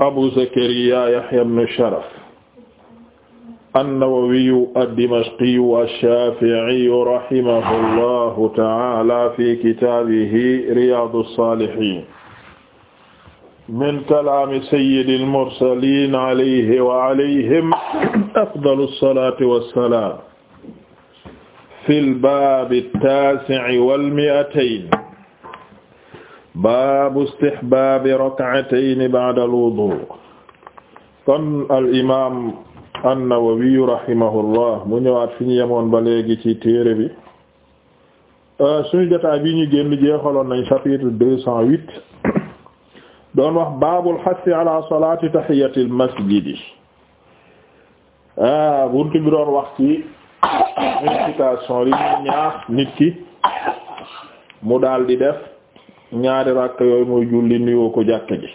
Abu Zakariya Yahya ibn Sharaf an-Nawawiyu ad-Dimashqiyu ash-Shafi'iyu rahimahullahu ta'ala fi kitaabihi Riyaadu s-Saalihiin min kalaami sayyidil mursaliin alayhi wa alayhim afdalu s-salaati was-salaam fil baabi t-taasi'i wal mi'atayn baabu istihbaabi rak'atayni ba'da al-wudu' kon al imaam an-Nawawi rahimahullah mu ñëwaat fi ñu yemoon ba léegi ci téere bi euh, suñu jotaay bi ñu génn jeexaloon nañ chapitre deux cent huit doon wax baabul hassi ala salaati masjidi ah bi doon wax ci invitation yi ñu ñaax nit ki mu daal di def. ñaari rakk yooyu mooy julli nuyoo ko jàkk ji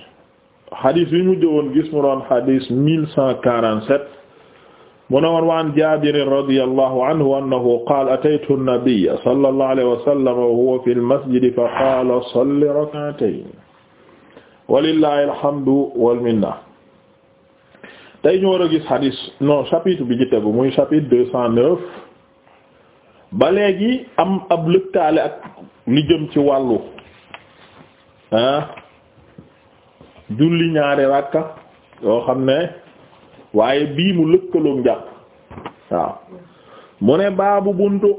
xadis bi ñu jëwoon gis mu doon xadis mille cent quarante-sept mu ne woon waan jabirin radiyallahu anhu annahu qaala ataytu an-nabiyya sallallahu alayhi wa sallam wa huwa fi al-masjidi fa qaala salli rak'atayn walillahi alhamdu wal minna ñu war gis xadis non chapitre bi ci muy chapitre deux am ab lëkkaale ak li jëm ci wàllu julli ñaari rakka yoo xam ne waaye bii mu lëkkaloom njàpp waaw mu ne baabu buntu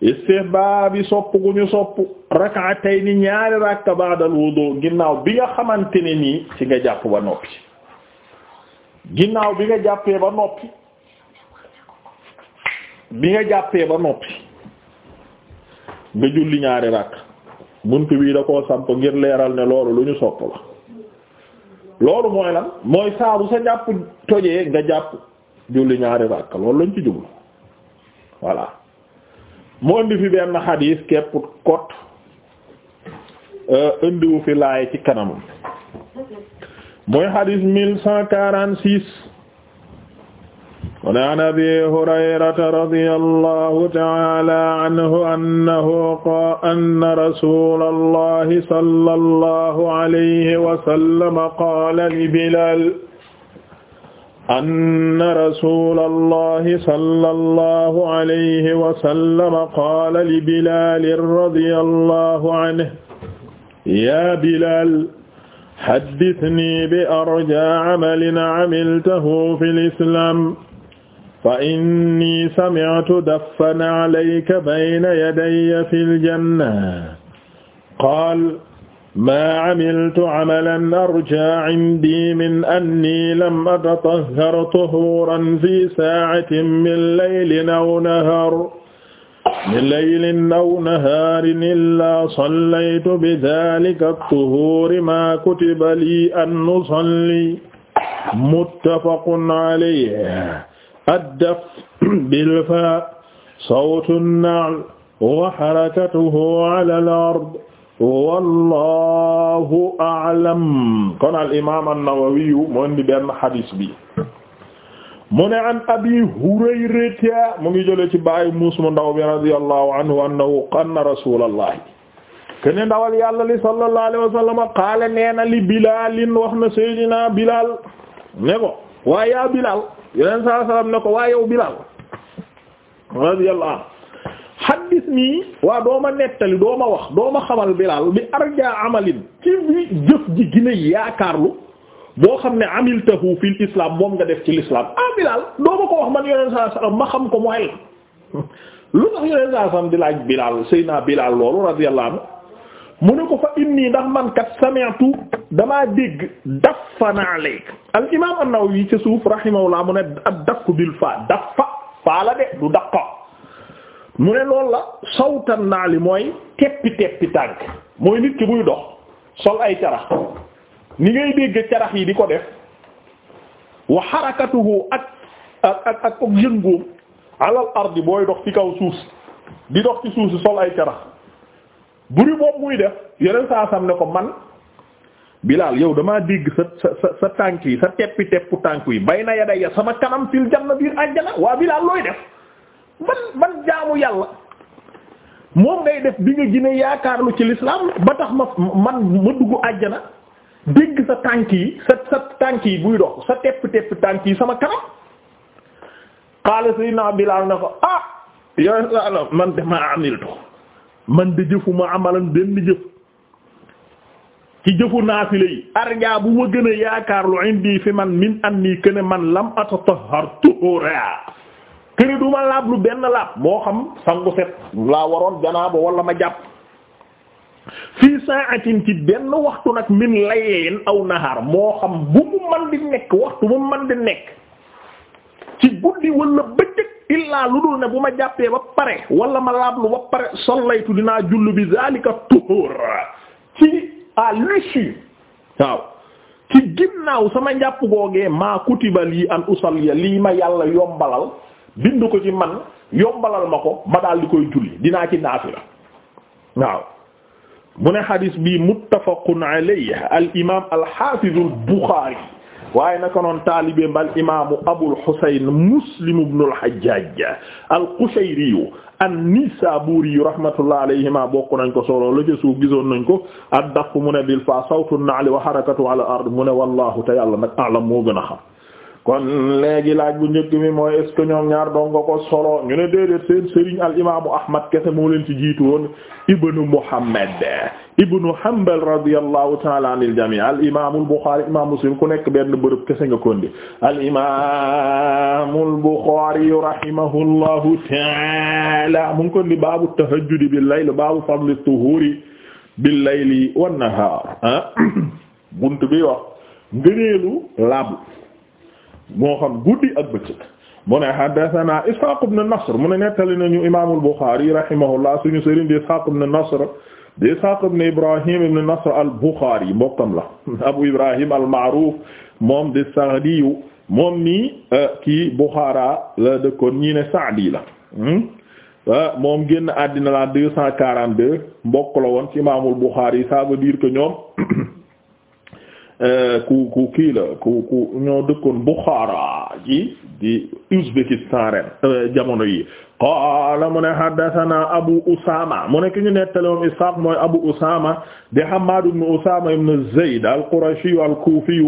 istihbaab bi sopp gu ñu sopp rak'atayn ni ñaari rakka ba'dal wudu ginnaaw bi nga xamante ne nii ci nga jàpp ba noppi ginnaaw bi nga jàppee ba noppi bi nga jàppee ba noppi nga julli ñaari rakk buntu bii da koo samp ngir leeral ne loolu lu ñu sopp la loolu mooy la mooy saabu sa jàpp tojee nga jàpp julli ñaari ràkk loolu lañ ci jublu voilà mu indi fi benn xadiis kepp kot euh, indiwu fi laay ci kanamam mooy xadiis mille cent quarante six mu ne an abi hurayrata radiyallahu ta'ala anhu annahu qaala anna rasulallahi sallallahu alayhi wa sallam qaala li Bilaal anna rasulallahi sallallahu alayhi wa sallam qaala li Bilaal radiyallahu anhu yaa Bilaal haddithni bi arjaa amalin amiltahu fil islaam fa inni sami'tu daffan alayka bayna yadayya fil janna qaal maa amiltu amalan arjaa indi min anni lam atatahhar tuhuuran fi saacatin min laylin aw nahaar min laylin aw nahaarin illaa sallaytu bidaalika at-tuhuuri maa kutiba lii an usalli muttafaqun alayhi addaf bilfa sawtu an-na'l wa harakatuhu ala al-ard wallahu a'lam kon al-imam an-Nawawi mu indi benn hadis bi mu ne an abi Hurayrata mu ngi jëlee ci bàyyi muus mu ndaw bi radiyallahu anhu annahu anna rasulallahi kene ndawal yàlla li sallallahu alayhi wa sallam qaala nee na li Bilaal wax na Seydina Bilaal ne ko waaye yaa Bilaal yeneen saa salaam ne ko waa yow Bilaal radiyallahu anhu xaddis nii waa doo nettali doo ma wax doo ma xamal Bilaal bi arja amalin ci bi jëf ji gina yaakaarlu boo xam ne amiltahu fil islam moom nga def ci l'islam ah Bilaal doo ma ko wax man yeneen saa salaam ma xam ko mooy lu tax yeneen saa salaam di laaj Bilaal sëy naa Bilaal loolu radiyallahu anhu mu ne ko fa inni ndax mankat kat sami'tu damaa dégg daffa naa léeg al imam an-Nawawi ca suuf rahimahullah mu ne ak dakku bil fa daffa faa la de du daqa mu ne loolu la sawtan naa li mooy teppi teppi tànk mooy nit ki buy dox sol ay carax ni ngay dégg carax yi di ko def wa xarakatuhu ak ak ak ak alal ardi booy dox ci kaw suuf di dox ci suuf sol ay carax buri boobu muy def yeneen saa sam ne ko man Bilaal yow damaa dégg sa sa sa tànk yi sa teppi teppu tànk yi bay na yada ya sama kanam fil janna biir àjjana waa Bilaal looy def ban ban jaamu yàlla moom ngay def bi nga gine yaakaar ci lislaam ba tax ma man ma dugg àjjana dégg sa tànk yi sa tànk yi buy dox sa tànk yi sama kanam xaalis yi naa Bilaal ne ko ah yow man damaa amiltu man de jëfuma amalan benn jëf ci jëfu naafile yi arja bu ma gën a yaakaar lu indi fi man min anni kene man lam atatahhar tuhura kene du ma laab lu benn laab moo xam sangu set laa waroon janaaba wala ma jàpp fii saatin ci benn waxtu nag min laylin aw nahar moo xam bu man di nekk waxtu mu man di nekk ci guddi wala bëccëg illaa lu dul ne bu ma jàppee ba pare wala ma laablu ba pare sollaytu dinaa jullu bi zalika tuhur ci à l'issue waaw ci ginnaaw sama njàpp googee maa kutiba lii an usalliya lii ma yàlla yombalal bind ko ci man yombalal ma ko ma daal di koy julli dinaa ci naafila waaw mu ne xadis bi muttafaqun alayhi al imam al hafiz al bukhari waaye naka noon taalibeem al imaamu Abul Husayn Muslim ibn al-Hajjaj al-Qushayri an-Nisaburi rahmatullah alayhima bokk nañ ko solo la ca gisoon nañ ko ad-daqq mu ne bil fa sawtu an-na'l wa harakatu ala al-ard wallahu te yàlla nag a'lam moo gën a xam kon léegi laaj bu njëkk mi mooy est ñaar doon nga ko solo ñu ne déedéet seen sëriñ al Ahmad kese moo leen ci jiitu woon Ibn Muhammad ibnu Hanbal radiyallahu ta'ala anil jami' al imam al Bukhari imam Muslim ku nekk benn bërëb kese nga kondi al imam al Bukhari rahimahullahu ta'ala mu ngi kondi baabu tahajjudi bil layl baabu fadli tuhuri bil layli wan nahar bunt bi wax ngëneelu laab moo xam guddi ak bëccëg mu ne haddathana Ishaq ibn Nasr mu ne nettali nañu imam al Bukhari rahimahullah suñu sëriñ di Ishaq ibn Nasr de Isaaq ibn Ibrahim ibn Nasr al-Bukhari mbokkam la Abu Ibrahim al-Ma'ruf moom di Sa'di moom mi euh, kii Bukhara la dëkkoon ñii ne Sa'di la hmm? euh, moom génn àddina la deux cent quarante-deux mbokk la woon ci Imaamul Bukhari ça veut dire ko ñoom Euh, ku ku la ku ku ñoo dëkkoon Bukhara ji di Uzbekistan ren euh, jamono mu ne haddathana Abu Usama mu ne ki ñu nettali moom Ishaq mooy Abu Usama di Hammad ibn Usama ibn Zayd al-Qurashi al-Kufi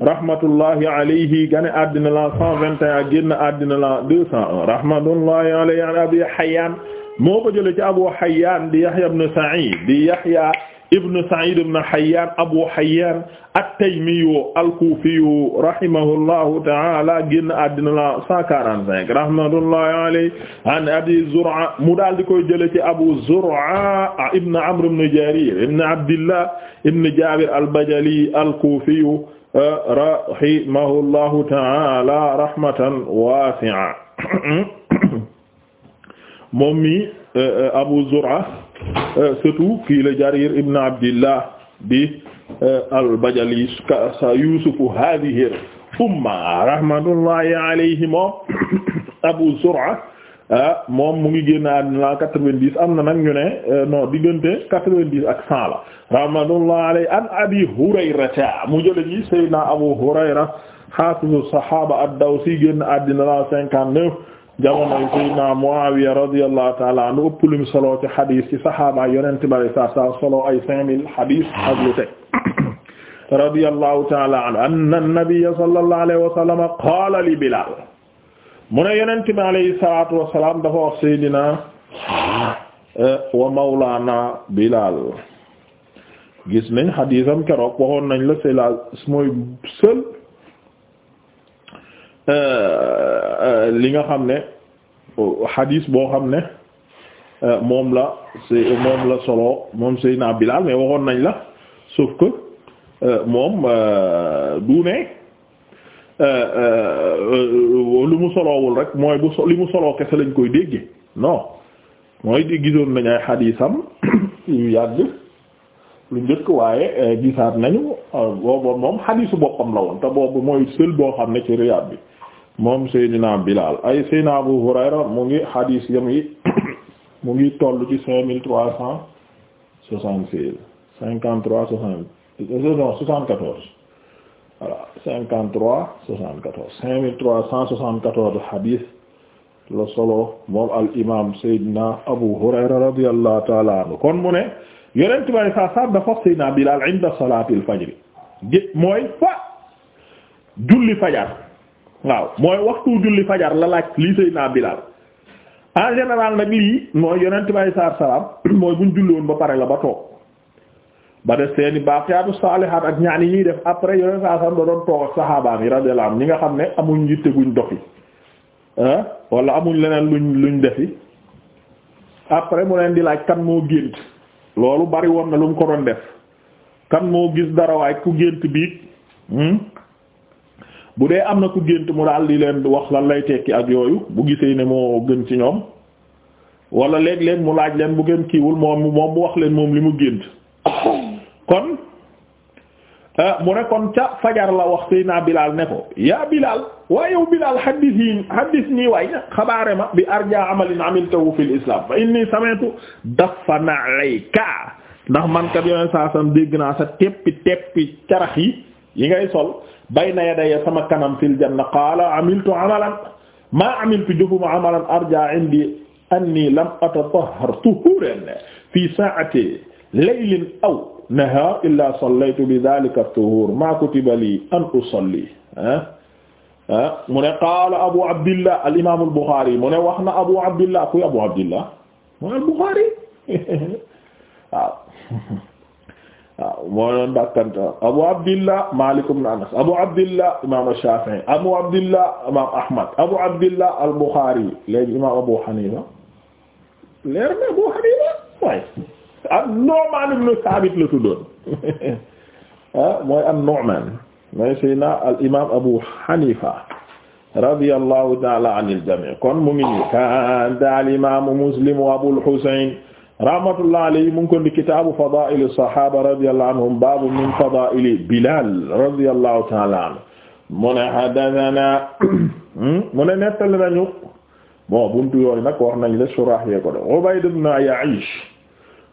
rahmatullahi alayhi gane àddina la 121 ak la 201 rahmatullahi alayhi an Abu Hayyan di Yahya ibn Sa'id di Yahya ibn Sa'id ibn Hayyan Abu Hayyan at-Taymiyu al-Kufiyu rahimahullahu ta'ala génn àddina la 145 rahmatullahi alayhi an Abi Zur'a mu daal di koy jëlee ci Abu Zur'a ibn Amr ibn Jarir ibn Abdillah ibn Jabir al-Bajali al-Kufiyu eh, rahimahullahu ta'ala rahmatan wasi'a moom mi eh, eh, Abu Zur'a Euh, surtout kii la Jarir ibn Abdillah di euh, al-Bajali sa Yusufu moom Abu Zur'a ah, moom mu ngi génn àddina quatre-vingt-dix am na nag ñu ne euh, non diggante quatre-vingt-dix ak cent la rahmatullahi alayhi an Abi Hurayrata mu jële ji Seydina Abu Hurayra hafizu jamonoy sayyidina Muawiya radiyallahu ta'ala anhu ëpp lim solo ci xadis ci saxaaba yonent bi saa saa solo ay cinq mille xadis ak lu teg radiyallahu ta'ala anhu anna an-nabiyya sallallahu alayhi wa sallam qaala li Bilaal mu ne yonent bi alayhi salaatu wa salaam dafa wax sayyidina eh, wa mawlaana Bilaal gis nañ xadisam keroog waxoon nañ la c'est la mooy seul Euh, euh, li nga xam ne hadis boo xam ne euh, moom la c'est moom la solo moom bi Bilal mais waxoon nañ la sauf que moom du ne lu mu soloowul rek mooy bu li mu soloo kese lañ koy dégge non mooy di gisoon nañ ay hadisam yu yàgg lu njëkk waaye gisaat nañu boobu moom hadisu boppam la woon te boobu mooy sël boo xam ne ci Riyad bi moom Seydina Bilal ay Seydina Abu Hurayra mu ngi hadis yam yi mu ngi toll ci cinq mille trois cent soixante-seize cinquante-trois soixante-quatorze voilà cinquante-trois soixante-quatorze cinq mille trois cent soixante-quatorze hadis la solo moom al imam Seydina Abu Hurayra radiyallahu ta'ala anhu kon mu ne yonent bay sa sa dafa Seydina Bilal mooy fa julli fajar waaw mooy waxtu julli fajar la laaj lii naa Bilaal en général nag lii mooy yonent bay saar salaam mooy buñ julli woon ba pare la ba toog ba def seeni baaqiyaatu saalihaat ak ñaan yi ñuy def après yonent saa salaam da doon toog ak saxaabaam yi radiyallahu anhum ñi nga xam ne amuñ yitte guñ doxi ah wala amuñ leneen luñ luñ defi après mu leen di laaj kan moo gént loolu bari woon na lu mu ko doon def kan moo gis dara waaye ku gént biit hmm? bu dee am na ku gént mu daal di leen wax lan lay tekki ak yooyu bu gisee ne moo gën ci ñoom wala léeg leen mu laaj leen bu gën kiiwul moom moom mu wax leen moom li mu gént kon ah, mu ne kon ca fajar la wax sëy naa Bilaal ne ko yaa Bilaal waaye yow Bilaal xaddis yi xaddis nii waay xabaare ma bi arja amalin amiltahu fil islam fa inni sami'tu dafana alayka ndax man kat yoneen saa sam dégg naa sa teppi teppi carax yi yi ngay sol bayna yadaya sama kanam fil janna qaala amiltu amalan maa amiltu jëfuma amalan arja indi anni lam atatahhar tuhuran fi sa'ati laylin aw nahaar illa sallaytu bi dhalika at-tuhur ma kutiba li an usalli mu ne qaala abu abdillah al imaam al buxaari mu ne wax na abu abdillah kuy abu abdillah mu al buxaari waaw waaw moo doon dàkkanta Abu Abdillah Malik ibn Anas Abu Abdillah imaam Shafi'i Abu Abdillah imaam Ahmad Abu Abdillah al-Bukhari léegi imaam Abu Hanifa leer na Abu Hanifa waaye an-Nu'man ibn Thabit la tuddoon ah, mooy an-Nu'man mooy Seydina al-imaam Abu Hanifa radiyallahu ta'ala anil jami' kon mu ngi nii kan daal imaamu Muslim wa Abul Husayn rahmatullah alayhi mu ngi ko di kitaabu fadaa'il as-sahaaba radiyallahu anhum baabu min fadaa'ili Bilaal radiyallahu ta'ala anhu mu ne haddathana mu ne nettali nañu bon buntu yooyu nag wax nañ la surah yee ko def Ubayd ibn Ya'ish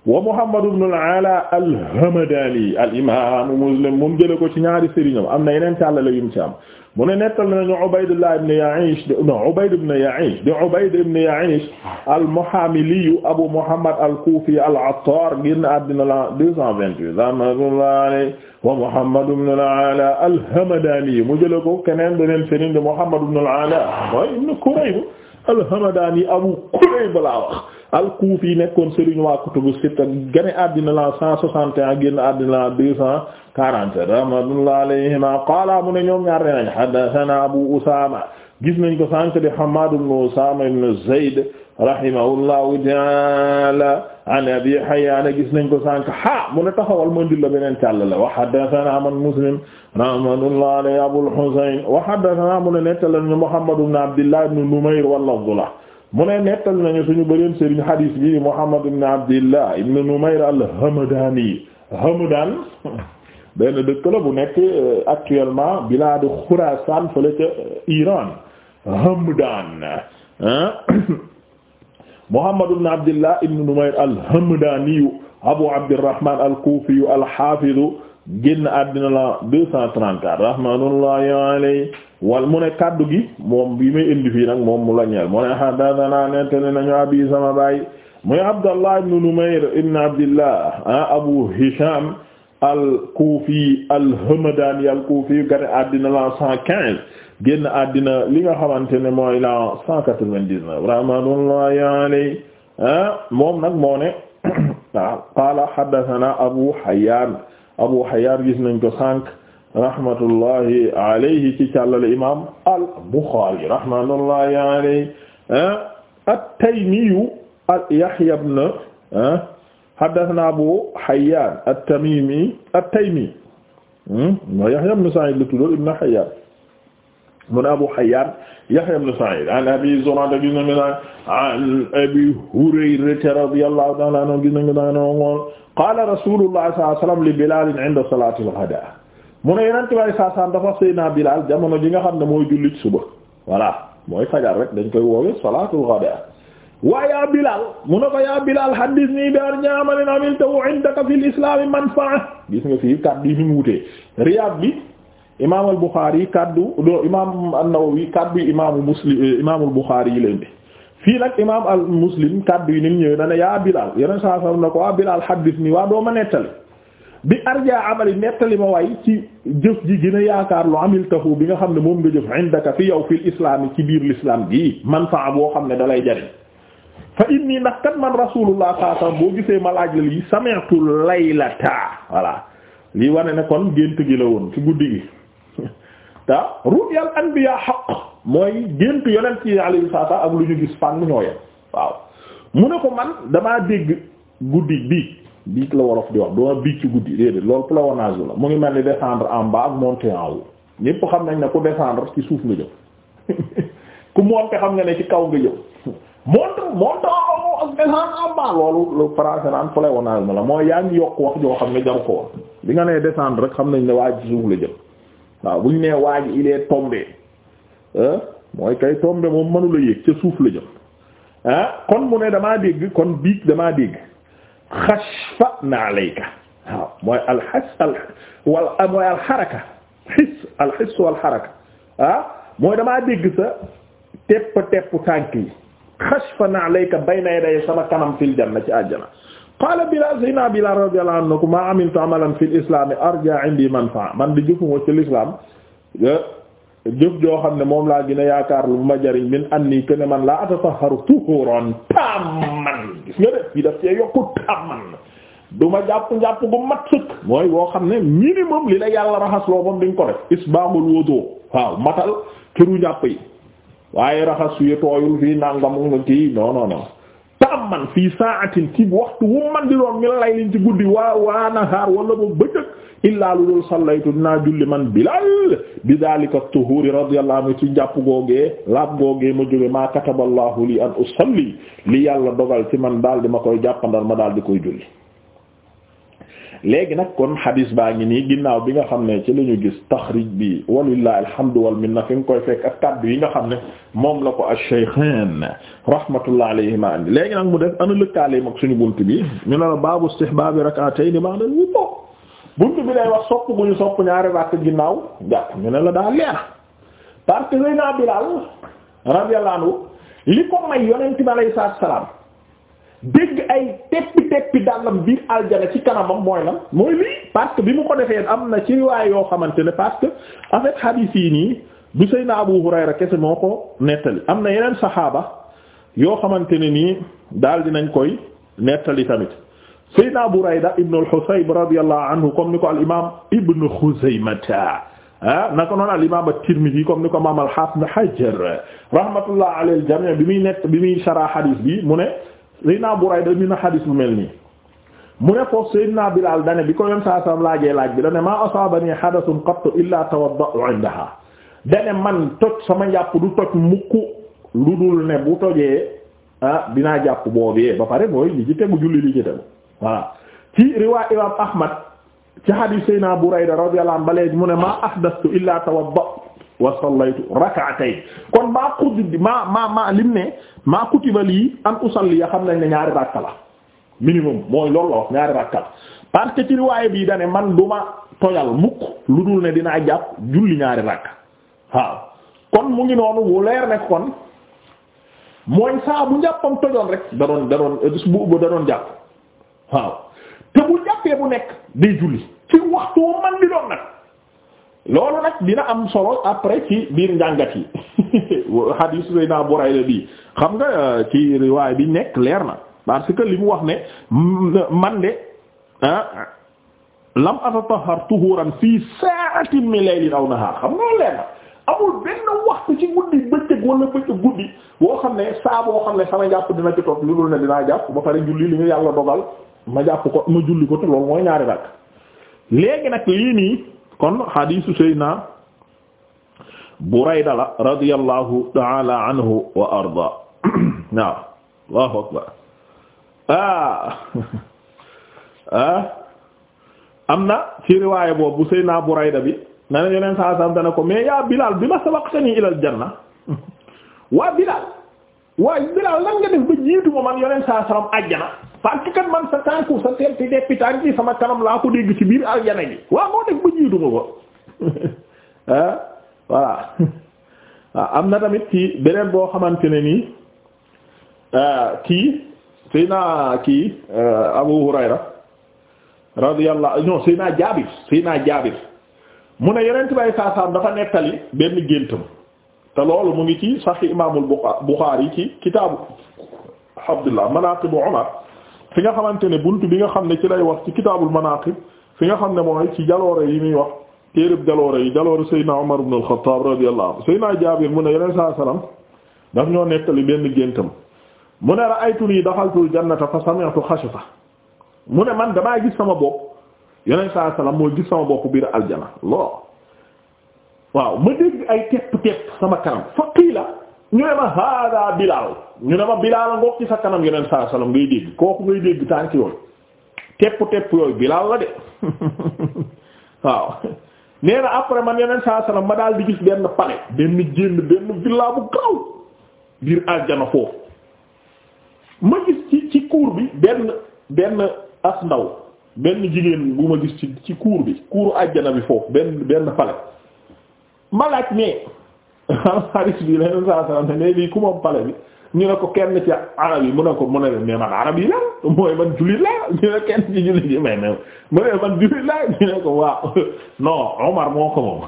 wa Muhammad ibn al-Ala al-Hamadani al-imam Muslim moom jële ko ci ñaari sëriñam am na yeneen càllale yum ci am mu ne nettal nañu Ubaydullah ibn Ya'ish non Ubayd ibn Ya'ish di Ubayd ibn Ya'ish al-Muhamili Abu Muhammad al-Kufi al-Attar génn àddina la 228 rahmatullahi alayhi wa Muhammad ibn al-Ala al-Hamadani mu jële ko keneen beneen sëriñ de Muhammad ibn al-Ala mooy ibn Kurayb al-Hamadani Abu Kurayb la wax al-Kufi nekkoon sëriñ waa kutubu sitta gane àddina la 161 génn àddina la 240 rahmatullahi alayhima qaala mu ne ñoom ñaar ne nañ Abu Usama gis nañ ko sànq di Hammad ibn Usama ibn Zayd rahimahullahu ta'ala an Abi Hayyan gis nañ ko sànq ha mu ne taxawal mu ndil la beneen càll la wa haddathana man Muslim rahmatullahi alayhi Abul Husayn wa haddathana mu ne nettali ñu Muhammad ibn Abdillah ibn Numayr mu ne nettal nañu suñu bëreen sëriñ hadis bi Muhammad ibn Abdillah ibn Numayr al-Hamdani Hamdan benn dëkk la bu nekk euh, actuellement bilaadu Khurasan fële ca euh, Iran Hamdan Muhammad ibn Abdillah ibn Numayr al-Hamdani Abu Abdirrahman al-Kufi al-Hafiz génn àddina la deux cent trente mu ne kaddu gi moom bi may indi fii nag moom mu la ñeel mu ne hadathana nettali nañu abi sama baay muy Abdallah ibn Numayr ibn Abdillah ah, Abu Hisham al-Kufi al-Hamdani al-Kufi gane àddina la cent quinze li nga xamante ne mooy la cent quatre-vingt-dix-neuf ah, moom nag moo ne ah, qala Abu Hayyan Abu Hayyan gis nañ ko sànq rahmatullahi alayhi ci càllale imam al-Bukhari rahmatullahi alayhi at-Taymiyu Yahya ibn haddathana Abu Hayyan at-Tamimi at-Taymi wa hmm? Yahya ibn Sa'id la tudd ibn Hayyan mun Abu Hayyan Yahya ibn Sa'id an Abi Zur'a gis nañ ko an Abi Hurayra radiyallahu ta'ala anhu gis nañ ko qaala rasuulullahi sallallahu alayhi wa sallam li Bilaal inda salaatil ghadaa mu ne yeneen tubaab yi saa saa dafa Seydina Bilaal jamono ji nga xam ne mooy jullit suba voilà mooy fajar rek dañ koy woowe salaatul ghadaa waa yaa Bilaal mu ne ko yaa Bilaal haddisnii bi arja'i amalin amiltahu indaka fil islaami manfa'a gis nga fii kaddu yi ni mu wutee Riyaad bi imaamul Buxaari kaddu do imaam an-Nawawi kaddu imaamu Muslim imaamul Buxaari yi leen di. fii nag imaam al muslim kaddu yi ni mu ñëwee dana yaa Bilal yeneen saa soxna na ko waa Bilal xaddis nii waa doo ma nettali bi arja amali nettali ma way ci jëf ji gën a yaakaar lu amil bi nga xam ne moom nga jëf indaka fi yow fil islam ci biir l'islam gii man faa boo xam ne dalay jariñ fa inni ndax kat man rasulullah sallallahu boo gisee ma laaj la lii sami'tu laylata voilà lii wane ne kon gént gi la woon ci guddi gi. te ru'yal anbiya xaq mooy géntu yonent yi alayhi salaam ak lu ñu gis fànn ñoo yem waaw mu ne ko man damaa dégg guddi biig biig la wolof di wax doo biig ci guddi déedéet loolu pléonasme la mu ngi mel ni descendre en bas ak monter en haut ñépp xam nañ ne ku descendre ci suuf nga jëm ku monter xam nga ne ci kaw nga jëm monter monter en haut ak descendre en bas loolu lu français naan pléonasme la mooy yaa ngi yokk wax joo xam ne jaru ko woon bi nga nee descendre rek xam nañ ne waa la jëm. waaw bu ñu nee waa ji il est tombé mooy kay tombé moom mënula yéeg ca suuf la jëm ah, kon mu ne damaa dégg kon biig damaa dégg xashfa na alayka mooy alxas al wal mooy alxaraka xis alxis walxaraka ah mooy damaa dégg sa tepp tepp tànk yi xashfa na alayka bayna yaday sama kanam fil janna ci àjjana qaala Bilaal sayna Bilaal radiyallahu anhu maa amiltu amalan fil islaami arja man di jëfuma ci l'islam jëf joo xam ne moom laa gën yaakaar lu ma jariñ min anni que ne man laa atatahharu tuhuran tamman nga def fii daf cee yokku tamman du ma jàpp njàpp gu mat sëkk mooy woo xam ne minimum li la yàlla raxasloo bam di nga ko def isbaamul wudu waaw matal këru njàpp yi waaye raxas yi tooyul fii nangam nga kii non taam man fii saatin ci waxtu wu man di doon mi lay ci guddi waa waa nahaar wala boobu bëccëg illaa lu dul sallaytu dinaa julli man bilal bi daalika tuhuuri radiyallahu anhu ci jàpp googee laab googee ma jóge maa kataballaahu li an usalli li yàlla dogal ci man daal di ma koy jàppandal ma daal di koy julli léegi nag kon xadis baa ngi nii ginnaaw bi nga xam ne ci lañu ñu gis taxrij bi walillahi alhamdu wal minna fi nga koy fekk ak kaddu yi nga xam ne moom la ko ash-shaykhayn rahmatullah alayhima andi léegi nag mu def ana lëkkaale mag suñu bunt bi ñu ne la baabu istihbaabi rak'atayn ba'da al-wudu bunt bi lay wax sopp bu ñu sopp ñaari rakk ginnaaw jàpp ñu ne la daa leer parce que Seydina Bilaal radiyallahu anhu li ko may yonent bi alayhi salaam dégg ay teppi teppi dàllam biir aljana ci kanamam mooy lan mooy lii bi mu ko defee am na ci riwaay yoo xamante ne parce que en fait hadith yi nii du Seydina Abu Hurayra kese moo ko nettali am na yeneen saxaaba yoo xamante ne nii daal dinañ koy nettali tamit Seydina Burayda ibn al-Husayb radiyallahu anhu comme ni ko al imaam Ibn Khuzaymata na naka noonu al imaam at-Tirmidhi comme ni ko imaam al-Hafiz Hajar rahmatullah ala al jami' bi muy nett bi muy sarah hadith bi mu ne. Seydina Burayda mi na xadis bu mel nii mu ne foofu Seydina Bilaal dane bi ko yoon saa saam laaj bi dane maa asaabanii hadathun qattu illaa tawadda'u indaha dane man toj sama njàpp du toj mukk lu dul ne bu tojee ah dinaa jàpp boobee ba pare mooy li ci tegu julli li ci tegu voilà ci riwaa imam ci xadis Seydina Burayda radiyallahu anhu ba mu ne maa ahdathu illaa tawadda'u wa sallaytu rak'atayn kon maa xudi maa maa maa lim ne maa kutiba lii an usalli ya xam nañ ne ñaari rakka la minimum mooy loolu la wax ñaari rakka la parce que ci riwaaya bii dane man duma toyal mukk lu dul ne dinaa jàpp julli ñaari rakka waaw kon mu ngi noonu wu leer ne kon mooy saa bu njàppam tojoon rek da doon bu ubba da jàpp waaw te bu jàppee bu nekk day julli ci waxtu man di doon nag loolu nag dina am solo après ci biir njàngat yi hadis a Burayda bi xam nga euh, ci riwaay bi nekk leer na parce que li mu wax ne man de ah, lam atatahhar tuhuran fii sa'atin min laylin aw nahar xam nga leer na amul benn waxtu ci guddi bëccëg wala bëccëg guddi boo xam ne saa boo xam ne sama jàpp dina ci toog lu dul ne dinaa jàpp ba pare julli li ñu yàlla dogal ma jàpp ko ma julli ko te loolu mooy ñaari rakk léegi nag lii nii kon hadiisu Seydina Burayda la radiyallahu ta'ala anhu wa arda waaw Allahu akbar ah ah am na ci riwaaya boobu Seydina Burayda bi na ne yeneen saa sant ne ko mais yaa Bilaal bi ma sabaqtani ilal janna waa Bilaal waaye Bilaal lan nga def ba jiitu ma man yeneen saa saram àjjana parce que kat man sa tànku sa teel deppi tànk sama kanam laa ko dégg ci biir aljana gi waaw moo def ba jiitu ma ko ah voilà ah, am na tamit ci beneen boo xamante ne nii ah, kii Seydina kii ah, Abu Hurayra radiyallahu non Seydina Jaabir Seydina Jaabir mu ne Yonent bi saa saam dafa nettali benn géntam te loolu mu ngi ci Sahih Imaamul Buxaari ci kitaabu Abdullah Manaaqibu Umar fi nga xamante ne bunt bi nga xam ne ci lay wax ci kitaabul manaqib fi nga xam ne mooy ci jaloore yi muy wax téereb jaloore yi jaloore Seydina Umar ibn al-Khattab radiyallahu anhu Seydina Jaabir mu ne yeneen saa salaam daf ñoo nekkali benn géntam mu ne ra'aytu nii daxaltul jannata fa sami'tu xashafa mu ne man damaa gis sama bopp yeneen saa salaam mooy gis sama bopp biir aljana lool waaw ma dégg ay tepp tepp sama kanam fa qiila ñu ne ma hada Bilal ñu ne ma Bilal ngoog ci sa kanam yeneen saa salaam ngay dégg kooku ngay dégg tànk yooyu tepp tepp yooyu Bilal la de waaw nee après man yeneen saa salaam ma daal di gis benn palais benn génn benn villa bu gaaw biir aljana foofu ma gis ci ci cour bi benn benn as ndaw benn jigéen bu ma gis ci ci cour bi couru aljana bi foofu benn benn palais ma laaj ne hadis bi leneen saa salaam ne léegi ku moom pale bi ñu ne ko kenn ci arab yi mu ne ko mu ne mais man arab yi la mooy man jullit la ñu ñu ne ko waaw non Omar moo ko moom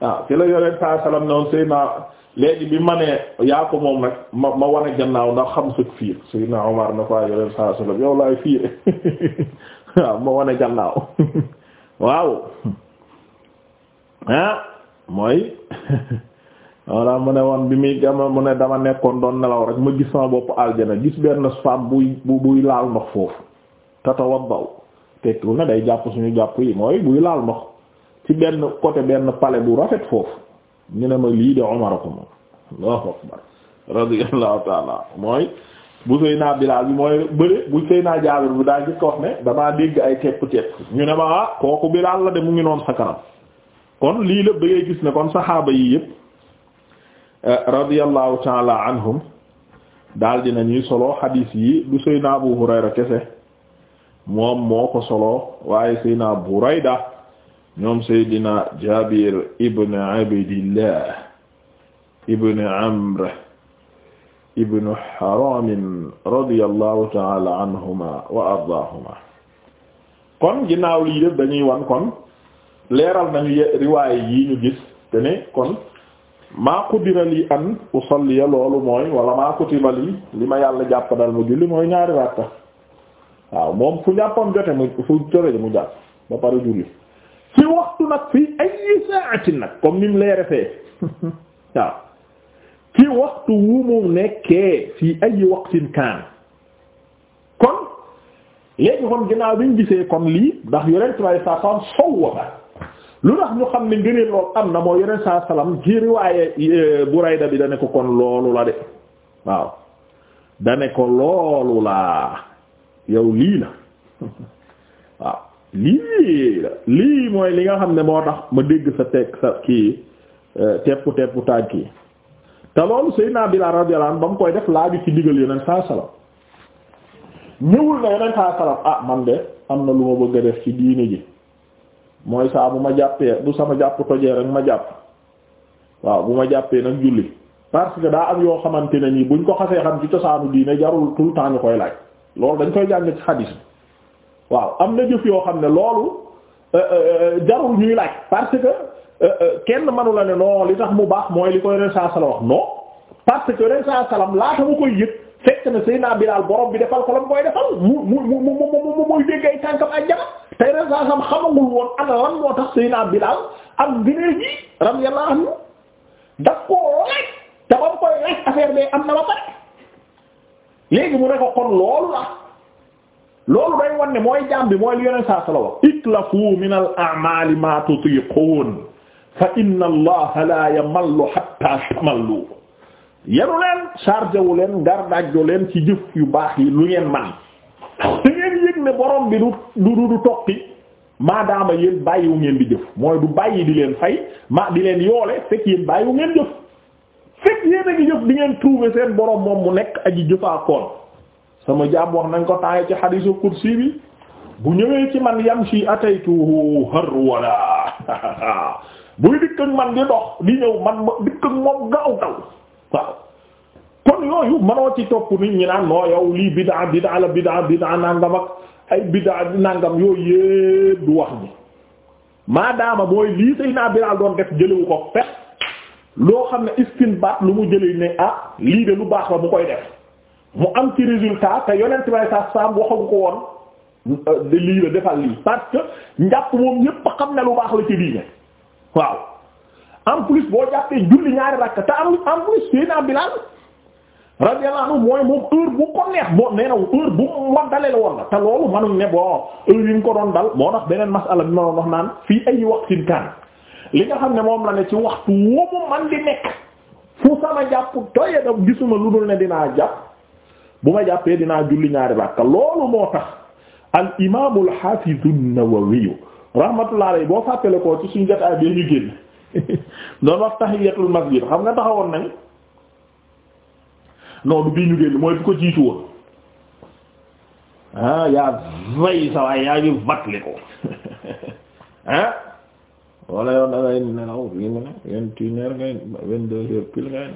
waaw ci la yoneen saa salaam ne woon Seydina léegi bi ma nee yaa ko moom nag ma ma wane jannaaw na xam sëg fiir Seydina Omar na fa yoneen saa salaam yow laay fiire ma wane gannaaw waaw ah mooy voilà mu ne woon bi muy dama mu ne dama nekkoon doon nelaw rek ma gis sama bopp aljana gis benn femme buy buy laal ndox foofu tatawaddaw tekkiwul na day jàpp suñu jàpp yi mooy buy laal ndox ci benn côté benn pale bu rafet foofu ñu ne ma lii de Umar ko moom Allahu akbar mooy bu Seyna Bilaal bi mooy bëre bu Seyna Jaabir bu daa njëkk wax ne damaa dégg ay tepp tepp ñu ne ma ah kooku Bilaal la de mu ngi noon sa kanam kon lii la bëggee gis ne kon saxaaba Eh, radiyallahu taala anhum daal dina ñuy solo xadiis yi du Seydina Abu Hurayra kese moom moo ko solo waaye Seydina Burayda ñoom Seydina Jabir ibn Abdillah ibn Amr ibn Haram radiyallahu taala anhuma wa ardaahuma kon ginnaaw lii yëpp dañuy wan kon leeral nañu riwaay yi ñu gis te ne maa qudira lii an usalliya loolu mooy wala maa kutiba lii li ma yàlla jàppandal mu julli mooy ñaari ràkka waaw moom fu jàppam jote mu fu jote mu jàpp ba pare julli fi waxtu nag fii ay saatin nag comme ni mu leere fee waaw fi waxtu wu mu nekkee fii ay waqtin kaan kon léegi kon ginnaaw bi gisee kon lii ndax yore tubaab yi saa soxna sow ba lu tax ñu xam ne ngëneel lool am na moo yeneen saa salaam ci riwaaye eh, Burayda bi da ko kon loolu la de waaw da ne ko loolu laa yow lii la waaw lii la lii mooy li nga xam ne moo tax ma dégg sa teg sa kii teppu eh, teppu tànk yi te loolu Seydina Bilaal radiyallahu anhu ba mu koy def laaju ci digal yeneen saa salaam ñëwul na yeneen saa salaam ah man de am na lu ma bëgg a def ci diine ji mooy saa bu ma jàppee bu sama jàpp tojee rek ma jàpp waaw bu ma jàppee nag julli parce que daa am yoo xamante ne nii buñ ko xasee xam ci cosaanu diine jarul tout le temps ñu koy laaj loolu dañ koy jàng ci xadiis bi waaw am na jëf yoo xam ne loolu jarul ñuy laaj parce que kenn manu la ne non li tax mu baax mooy li koy ren saa sala wax non parce que ren saa salam laata mu koy yëg fekk na Seydina Bilaal borom bi defal ko la mu koy defal mu mu mu mu muy dégg tey ren saa sam xamagul woon ana lan moo tax Seydina Bilaal am gëneel ji radiyallahu anhu daf koo laaj bi am na ba pare léegi mu ne ko kon loolu la loolu day wan mooy jaam bi mooy li yeneen saa sala wax iklafu min al a'mali ma tutiqun fa inna allaha la yamallu hatta tamallu yenu leen ci jëf yu baax lu ngeen man ne borom bi du du du toqi maadaama yéen bàyyiwu ngeen di jëf mooy du bàyyi di leen fay ma di leen yoole fekk yéen bàyyiwu ngeen jëf fekk yéen a jëf di ngeen trouver seen borom moom mu nekk ak jëfaakoon sama jaam wax nañ ko taay ci xadiisu kursi bi bu ñëwee ci man yamshi ataytuhu harwala buy dikk ak man di dox di ñëw man ma dikk ak moom gaaw taw kon yooyu manoo ci topp nit ñi naan noo yow lii bid'a bid'a la bid'a bid'a nangam ak ay biddaa nangam yooyu yépp du wax bi maadaama mooy lii say naa Bilaal doon def jëlewu ko fet loo xam ne istinbaat lu mu jële ne ah lii de lu baax la mu koy def mu am ci résultat te yonent bay sa saam waxagu ko woon euh, lii la defal lii parce que njàpp moom ñépp xam ne lu baax la ci diine waaw en plus boo jàppee julli ñaari rakk te en plus say naa Bilaal radiyallahu anhu mooy moom heure bu ko neex boo nee na heure bu ma dalee la woon la te loolu manuñ ne bon heure yi mu ko doon dal moo tax beneen masala bi ma doon wax naan fii ay waxtin kaan li nga xam ne moom la ne ci wax woomu man di nekk fu sama jàpp tooye da gisuma lu dul ne dinaa jàpp bu ma jàppee dinaa julli ñaari rakka loolu moo tax al imaamu al xaafizu an-Nawawi rahmatullahi boo fàttale ko ci suñu jotaay bi ñu génn doon wax tahiyatul masjid xam nga taxawoon nañ non bii ñu génn mooy bi ko ah yaa vay sa waay yaa ngi vatle ko ah wala yow da ngay nelaw fii mu ne vingt ngay vingt-deux heures ngay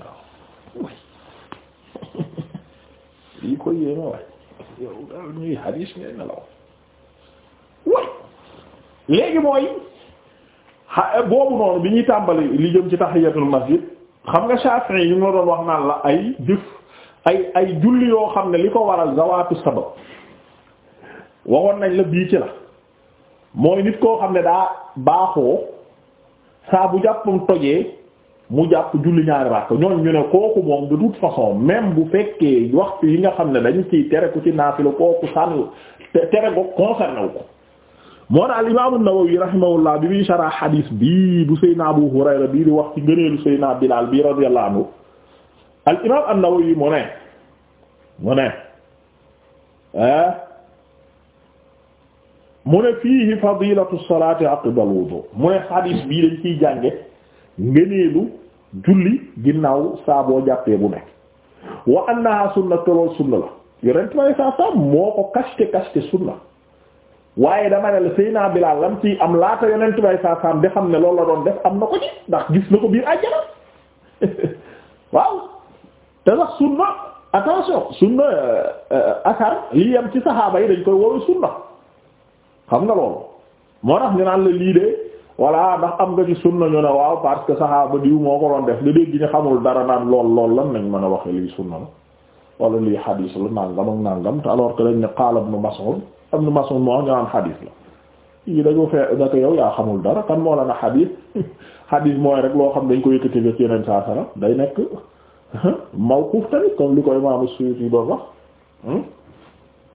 nelaw lii léegi mooy xa boobu noonu bi ñuy tàmbali li jëm ci tahiyatul masjid xam nga Shafi'i yi ñu ngi wax naan la ay jëf ay ay julli yoo xam ne li ko waral zawaatu sabab waxoon nañ la bii ci la mooy nit koo xam ne daa baaxoo saa bu jàppam tojee mu jàpp julli ñaari rakka ñooñ ñu ne kooku moom de toute façon même bu fekkee waxtu yi nga xam ne dañ ciy tere ku ci la kooku sànn tere ko concerné wu ko moo daal imaamu Nawawi rahimahullah bi muy sarah xadiis bii bu Seydina Abu Hurayra bii di wax ci ngëneelu naa Bilaal bii radiyallahu anhu al imaam an-Nawawi mu ne mu ne ah mu ne fiihi fadilatu salaati aqiba al mu ne xadiis bii dañ ciy jànge ngëneelu julli ginnaaw saaboo boo jàppee bu nekk wa annaha sunna tolool sunna la yonent ma ne moo ko kaste kaste sunna waaye dama ne la Seydina Bilaal lam ci am laata yonent bay saasaam de xam ne loolu la doon def am na ko ci ndax gis na ko biir àjjana waaw te sax sunna attention sunna euh, asar li yem ci saxaaba yi dañ koy woowe sunna xam nga loolu moo tax ñu naan la lii de voilà ndax am nga ci sunna ñu ne waaw parce que saxaaba diw moo ko doon def nga dégg ñu xamul dara naan lool lool lan lañ mën a waxe lii sunna la wala lii xadiis la nàngam ak nàngam te alors que dañ ne qaala Ibnu Mas'ud Ibnu Mas'ud moo wax ñu naan xadiis la yi dañu fee dako yow yaa xamul dara kan moo la na xadiis xadiis mooy rek loo xam dañ ko yëkkati ci yeneen day nekk mawquf tamit comme li ko koy imam Suyuti doon wax hmm?